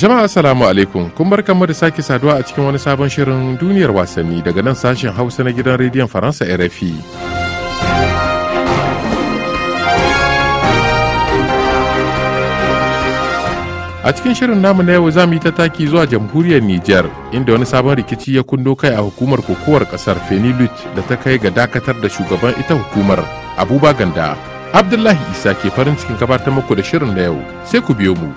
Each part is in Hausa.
Jama'a assalamu alaikum kun bar kamar da sake saduwa a cikin wani sabon shirin duniyar wasanni daga nan sashen Hausa na gidan rediyon Faransa RFI. A cikin shirin namu na yau za mu yi ta taki zuwa jamhuriyar Nijar inda wani sabon rikici ya kundo kai a hukumar kokowar kasar Fenilut da ta kai ga dakatar da shugaban ita hukumar Abuba Ganda. Abdullahi Isa ke farin cikin gabatar muku da shirin na yau sai ku biyo mu.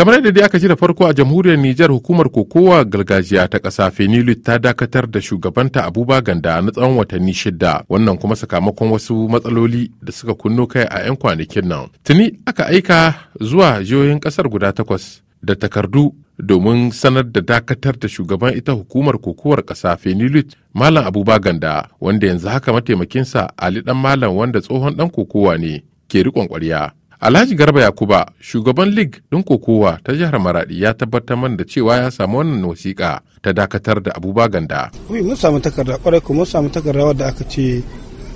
kamar yadda dai aka ji da farko a jamhuriyar nijar hukumar kokowa gargajiya ta ƙasa fenilut ta dakatar da shugabanta abuba ganda na tsawon watanni shida wannan kuma sakamakon wasu matsaloli da suka kunno kai a 'yan kwanakin nan tuni aka aika zuwa jihohin kasar guda takwas da takardu domin sanar da dakatar da shugaban ita hukumar kokowar ƙasa fenilut malam abuba ganda wanda yanzu haka mataimakinsa ali dan malam wanda tsohon dan kokowa ne ke riƙon ƙwarya Alhaji Garba Yakuba, shugaban League ɗin kokowa ta jihar Maradi ya tabbatar man da cewa ya samu wannan wasiƙa ta dakatar da Abuba Ganda. mun samu takarda kwarai kuma mun samu takarda wadda aka ce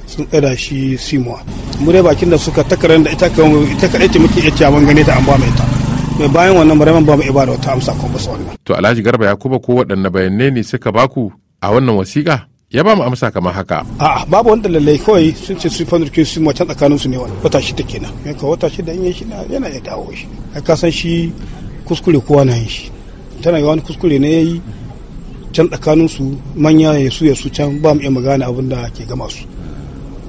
sun tsada shi Simuwa. Mu dai bakin da suka takarar da ita kan ita kaɗai ce muke iya ban gane ta an ba mai ita. Mai bayan wannan bare ba mu ibada wata amsa kuma ba su wannan. To Alhaji Garba Yakuba ko waɗanne bayanai ne suka baku a wannan wasiƙa? ya ba mu amsa kamar haka. A babu wanda lallai kawai sun ce sun fanurke sun mace tsakanin su ne wani wata shida kenan. Yan ka wata shida in yi shi yana ya dawo shi. Ai ka san shi kuskure kowa na yin shi. Tana yi wani kuskure ne yi can tsakanin su manya ya su ya su can ba mu iya magana abin da ke gama su.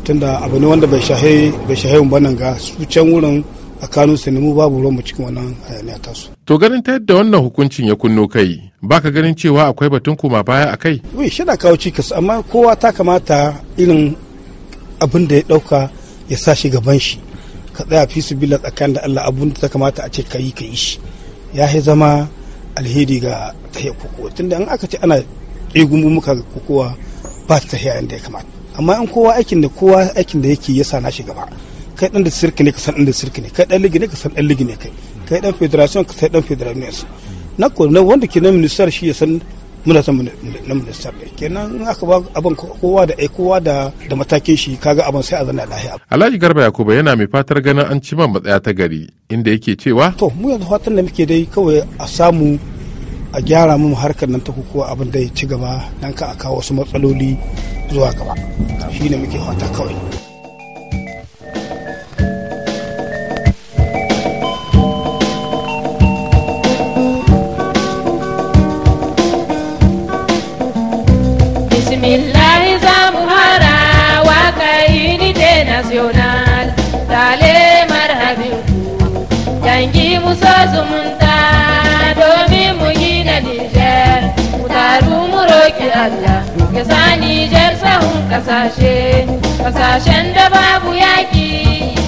Tunda abu ne wanda bai shahe bai shahe mun ga su can wurin a kano su mu babu ruwan cikin wannan hayaniya tasu. to ganin ta yadda wannan hukuncin ya kunno kai baka ganin cewa akwai batun koma baya a kai. wai shi na kawo cikas amma kowa ta kamata irin abin da ya ɗauka ya sa shi gaban shi ka tsaya fi su bila tsakanin da Allah abun da ta kamata a ce ka yi ka yi shi ya yi zama alheri ga tahiyar kokowa tunda in aka ce ana mu muka ga kokowa ba ta tahiya yadda ya kamata amma in kowa aikin da kowa aikin da yake ya sa na shi gaba kai dan da sirki ne ka san dan da sirki ne kai dan ligi ne ka san dan ligi ne kai kai dan federation ka san dan federation na ko na wanda ke na minister shi ya san muna san na minister ne kenan in aka ba abin kowa da ai eh, kowa da da matakin shi kaga abin sai a zanna lahiya Alhaji Garba Yakuba yana mai fatar ganin an ci man matsaya ta gari inda yake cewa to mu yanzu fatan da muke dai kawai a samu a gyara mu harkar nan ta kokowa abin da ya ci gaba dan ka a kawo wasu matsaloli zuwa gaba shine muke fata kawai kasashe kasashen da babu yaki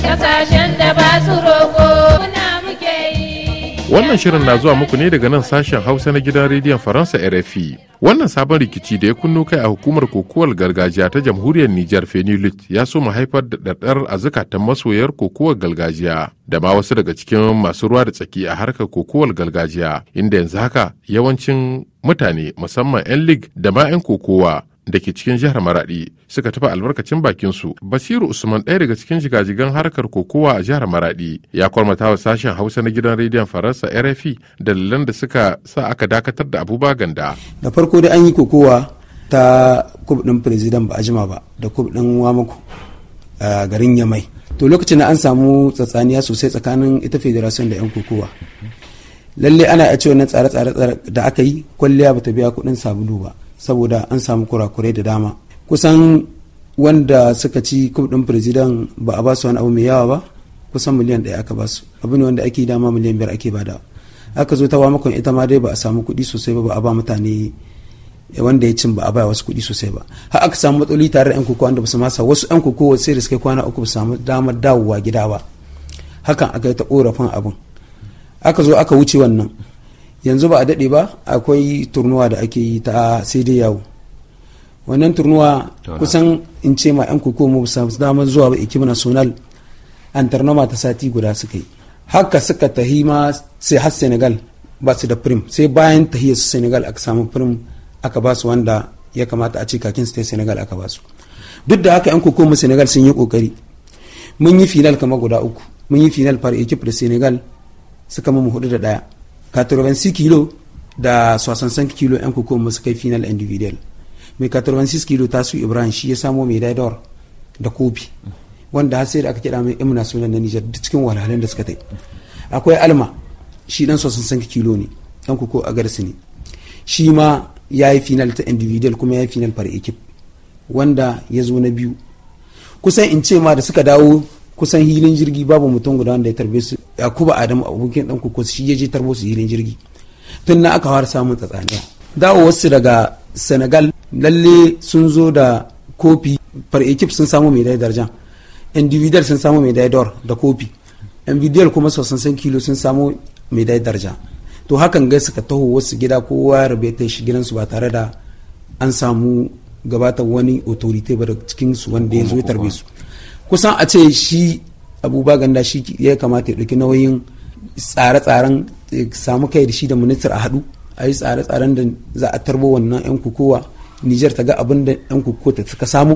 kasashen da ba su roko muna muke yi wannan shirin na zuwa muku ne daga nan sashen hausa na gidan rediyon faransa rfi wannan sabon rikici da ya kunno kai a hukumar kokowar gargajiya ta jamhuriyar nijar fenilit ya so mu haifar da ɗaɗɗar a zukatan masoyar kokowar gargajiya da ma wasu daga cikin masu ruwa da tsaki a harkar kokowar gargajiya inda yanzu haka yawancin mutane musamman 'yan lig da ma 'yan kokowa da ke cikin jihar maradi suka tafi albarkacin bakin su basiru usman ɗaya daga cikin jigajigan harkar kokowa a jihar maradi ya kwarmata wa sashen hausa na gidan rediyon faransa rfi dalilan da suka sa aka dakatar da abuba ganda da farko da an yi kokowa ta kub ɗin ba a jima ba da kub wamako a garin yamai to lokacin da an samu tsatsaniya sosai tsakanin ita federation da 'yan kokowa lalle ana iya cewa wannan tsare-tsare da aka yi kwalliya ba ta biya kuɗin sabulu ba saboda an samu kurakurai da dama kusan wanda suka ci kub din firzidan ba a basu wani abu mai yawa ba kusan miliyan ɗaya aka basu abu ne wanda ake dama miliyan biyar ake bada aka zo ta wamakon ita ma dai ba a samu kuɗi sosai ba ba a ba mutane eh, wanda ya cin ba a baya wasu kuɗi sosai ba har aka samu matsaloli tare da 'yan kokowa wanda ba su masa wasu 'yan kokowa sai da suka kwana uku ba samu damar dawowa gida ba hakan aka yi ta korafin abin aka zo aka wuce wannan yanzu ba a daɗe ba akwai turnuwa da ake yi ta sai dai yawo wannan turnuwa kusan in ce ma 'yan kuku mu samu damar zuwa ba ekip national antarnoma ta sati guda suka yi haka suka tahi ma sai har senegal ba su da prim sai bayan tahiyar su senegal aka samu prim aka ba su wanda ya kamata a ce kakin su ta senegal aka ba su duk da haka 'yan koko mu senegal sun yi kokari mun yi final kamar guda uku mun yi final far ekip da senegal suka mu hudu da daya 86 kilo da 65 kg yan koko musu kai final individual mai 86 kilo su ibrahim shi ya samo mai daidawar da kofi wanda har sai da aka kira mai imna sunan na nijar duk cikin wahalhalun da suka tai akwai alma shi dan 65 kilo ne yan koko a garsi ne shi ma ya yi final ta individual kuma ya yi final par ekip wanda ya zo na biyu kusan in ce ma da suka dawo kusan hilin jirgi babu mutum guda wanda ya tarbe su yakuba adamu abokin dan kuku shi ya je tarbo su hilin jirgi tun na aka fara samun tsatsaniya wasu daga senegal lalle sun zo da kofi par ekip sun samu mai darajan individual sun samu mai d'or da kofi individual kuma san kilo sun samu mai darja to hakan gai suka taho wasu gida kowa ya rabe ta shi gidansu ba tare da an samu gabatar wani authority ba da cikin su wanda ya zo tarbe su kusan a ce shi abubuwa ganda shi ya kamata ya ɗauki nauyin tsare-tsaren samu kai da shi da ministar a haɗu a yi tsare-tsaren da za a tarbo wannan 'yan kukuwa nijar ta ga abin da 'yan kukuwa ta suka samu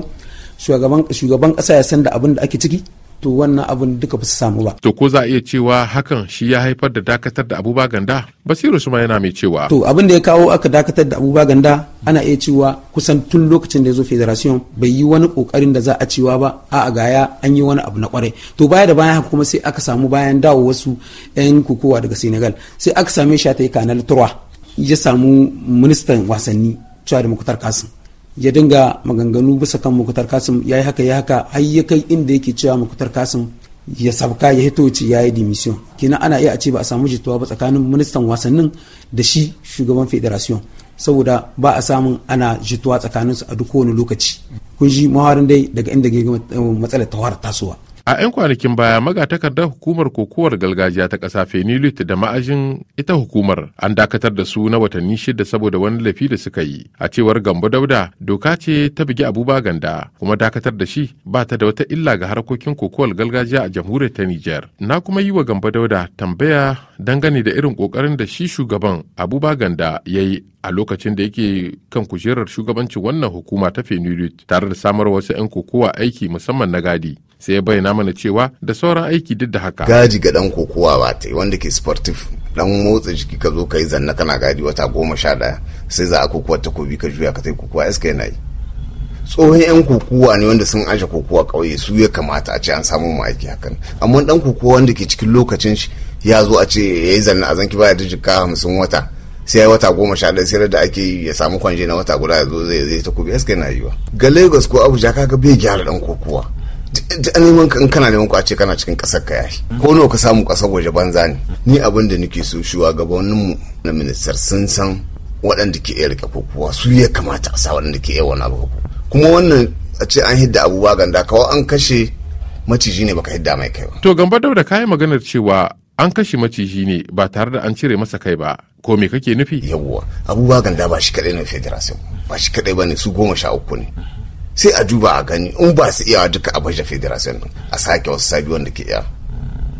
shugaban ƙasa ya san da abin da ake ciki to wannan abin duka ba su samu ba. To ko za a iya cewa hakan shi ya haifar da dakatar da Abuba Ganda? Basiru Suma yana mai cewa. To abin da ya kawo aka dakatar da Abuba Ganda ana iya cewa kusan tun lokacin da ya zo federation bai yi wani kokarin da za a cewa ba a gaya an yi wani abu na kwarai. To baya da bayan haka kuma sai aka samu bayan dawo wasu 'yan kokowa daga Senegal sai aka same shi ta yi kanal turwa ya samu ministan wasanni cewa da Mukhtar kasin ya dinga maganganu bisa kan mukutar kasim ya yi haka ya haka har ya kai inda yake cewa mukutar kasim ya sabka ya hito ci ya yi dimisiyon kenan ana iya a ce ba a samu jituwa ba tsakanin ministan wasannin da shi shugaban federation saboda ba a samun ana jituwa tsakanin su a duk wani lokaci kun ji maharin dai daga inda matsalar tawar tasowa A 'yan kwanakin baya magatakardar hukumar kokowar gargajiya ta ƙasa Fenilit da ma'ajin ita hukumar an dakatar da su na watanni shida saboda wani laifi da suka yi. A cewar Gambo Dauda doka ce ta bugi Abuba Ganda kuma dakatar da shi ba ta da wata illa ga harkokin kokowar gargajiya a jamhuriyar ta Nijar. Na kuma yi wa Gambo Dauda tambaya dangane da irin kokarin da shi shugaban Abuba Ganda ya yi a lokacin da yake kan kujerar shugabancin wannan hukuma ta Fenilit tare da samar wasu 'yan kokowa aiki musamman na gadi. sai ya bayyana mana cewa da sauran aiki duk da haka gaji ga dan kokowa ba ta yi wanda ke sportif dan motsa jiki ka zo ka yi zanna kana gadi wata goma sha ɗaya sai za a kokowa ta kobi ka juya ka ta yi kokowa iska yana yi tsohon yan kokowa ne wanda sun aje kokowa ƙauye su ya kamata a ce an samu mu aiki hakan amma dan kokowa wanda ke cikin lokacin shi ya zo a ce ya yi zanna a zanki baya da jikka hamsin wata sai ya wata goma sha ɗaya sai da ake ya samu kwanje na wata guda ya zo zai zai ta kubi iska na yiwa ga lagos ko abuja kaga bai gyara dan kokowa neman in kana neman kwace kana cikin kasar ka yashi ko nawa ka samu kasar waje banza ne ni abin da nake so gabaninmu. na ministar sun san waɗanda ke iya rike kokowa su ya kamata a sa waɗanda ke iya wani abu kuma wannan a ce an hidda abubuwa ganda kawai an kashe maciji ne baka hidda mai kai ba to gamba dauda yi maganar cewa an kashe maciji ne ba tare da an cire masa kai ba ko me kake nufi yawwa abubuwa ganda ba shi kadai na federation ba shi kadai ba su goma sha uku ne sai a duba a gani in ba su iyawa duka a baje federation a sake wasu sabi wanda ke iya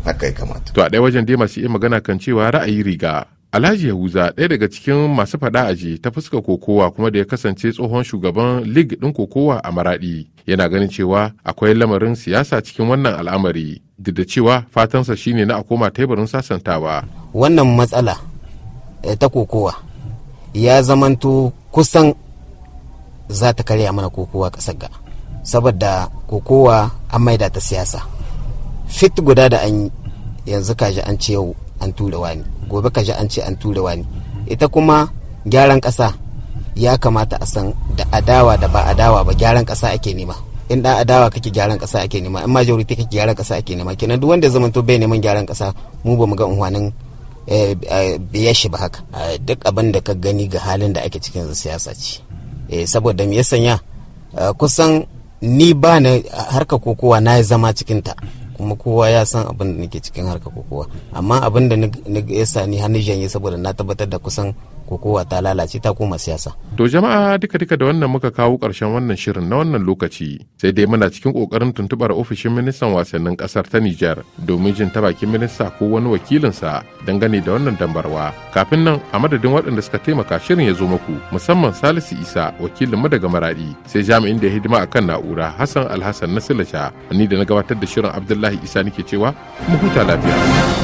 haka ya kamata to a ɗaya wajen dai masu iya magana kan cewa ra'ayi riga Alhaji Yahuza ɗaya daga cikin masu faɗa aji ta fuska kokowa kuma da ya kasance tsohon shugaban lig ɗin kokowa a maraɗi yana ganin cewa akwai lamarin siyasa cikin wannan al'amari duk da cewa fatansa shine na a koma teburin sasantawa. Wannan matsala eh, ta kokowa ya zamanto kusan za ta karya mana kokowa kasar ga saboda kokowa an maida ta siyasa fit guda da an yanzu kaji an ce yau an tura wani gobe kaji an ce an tura wani ita kuma gyaran ƙasa ya kamata a san da adawa da ba adawa ba gyaran ƙasa ake nema in da adawa kake gyaran ƙasa ake nema in majority kake gyaran ƙasa ake nema kenan duk wanda zamanto bai neman gyaran ƙasa mu ba mu ga unhwanin eh, eh, biya shi ba haka duk abin da ka gani ga halin da ake cikin siyasa ce eh saboda me ya sanya eh, kusan ni ba na harka kokowa na ya zama ta kuma kowa ya san abin da nake cikin harka kokowa amma abin da ya sa ni hannu janye saboda na tabbatar da kusan kokowa ta lalace ta koma siyasa. To jama'a duka duka da wannan muka kawo ƙarshen wannan shirin na wannan lokaci sai dai muna cikin ƙoƙarin tuntuɓar ofishin ministan wasannin ƙasar ta Nijar domin jin ta bakin minista ko wani wakilinsa dangane da wannan dambarwa. Kafin nan a madadin waɗanda suka taimaka shirin ya zo muku musamman Salisu Isa wakilin mu daga Maradi sai jami'in da ya hidima a kan na'ura Hassan Alhassan na Silasha ni da na gabatar da shirin Abdullahi Isa nake cewa mu huta lafiya.